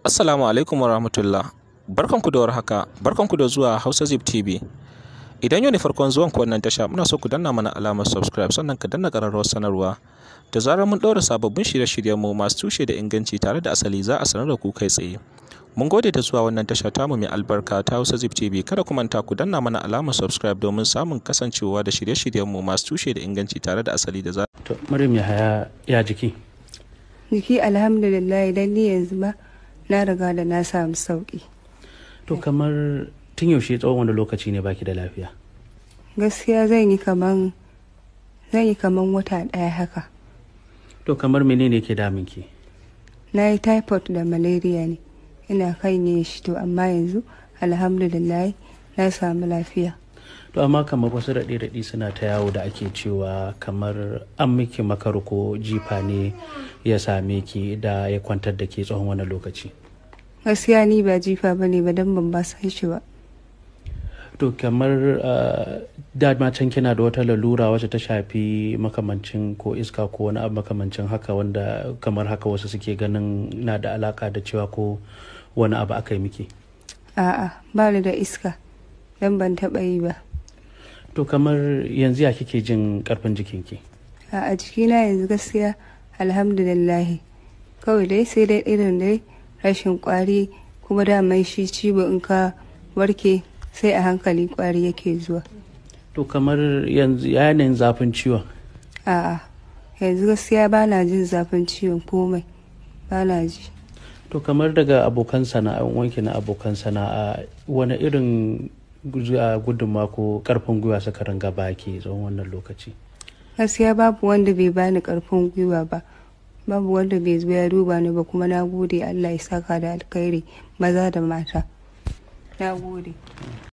Assalamu alaikum wa rahmatullah. Barkanku da warhaka. Barkanku da zuwa Hausa Zip TV. Idan yau ne farkon zuwan ku wannan tasha, muna so ku danna mana alamar subscribe sannan ka danna ƙararrawar sanarwa. Da zarar mun ɗaura sababbin shirye-shiryen mu masu tushe da inganci tare da asali za a sanar da ku kai tsaye. Mun gode da zuwa wannan tasha tamu mai albarka ta Hausa Zip TV. Kada ku manta ku danna mana alamar subscribe domin samun kasancewa da shirye-shiryen mu masu tushe da inganci tare da asali da za. To Maryam haya ya jiki. Jiki alhamdulillah idan ni yanzu ba. na riga da na samu sauki to kamar tun yaushe tsawon wani lokaci ne baki da lafiya gaskiya zan yi kaman zan yi kaman wata ɗaya haka to kamar menene ke daminki. na yi typhoid da malaria ne ina kan ne shi to amma yanzu alhamdulillah na samu lafiya to amma kamar wasu raɗe raɗe suna ta yawo da ake cewa kamar an miki makar ko jifa ne ya same ki da ya kwantar da ke tsohon wani lokaci gaskiya ni ba jifa ba ne ba don ban ba san shi ba to kamar ah, dama can kina da wata lalura wacce ta shafi makamancin ko iska ko wani abu makamancin haka wanda kamar haka wasu suke ganin na da alaka da cewa ko wani abu aka yi miki a'a ba da iska dan ban taɓa yi ba to kamar yanzu ya kike jin karfin jikinki a jikina yanzu gaskiya alhamdulillah kawai dai sai dai irin dai rashin kwari kuma da mai shi ciwo in ka warke sai a hankali kwari yake zuwa to kamar yanzu yanayin zafin ciwon a'a yanzu gaskiya ba na jin zafin ciwon komai ba na ji to kamar daga abokan sana'a wanki na abokan sana'a wani irin gudunma ko karfin gwiwa suka ringa baki tsawon wannan lokaci gaskiya babu wanda bai bani karfin gwiwa ba babu wanda bai zo ya duba ni ba kuma na gode allah ya saka da alkhairi maza da mata na gode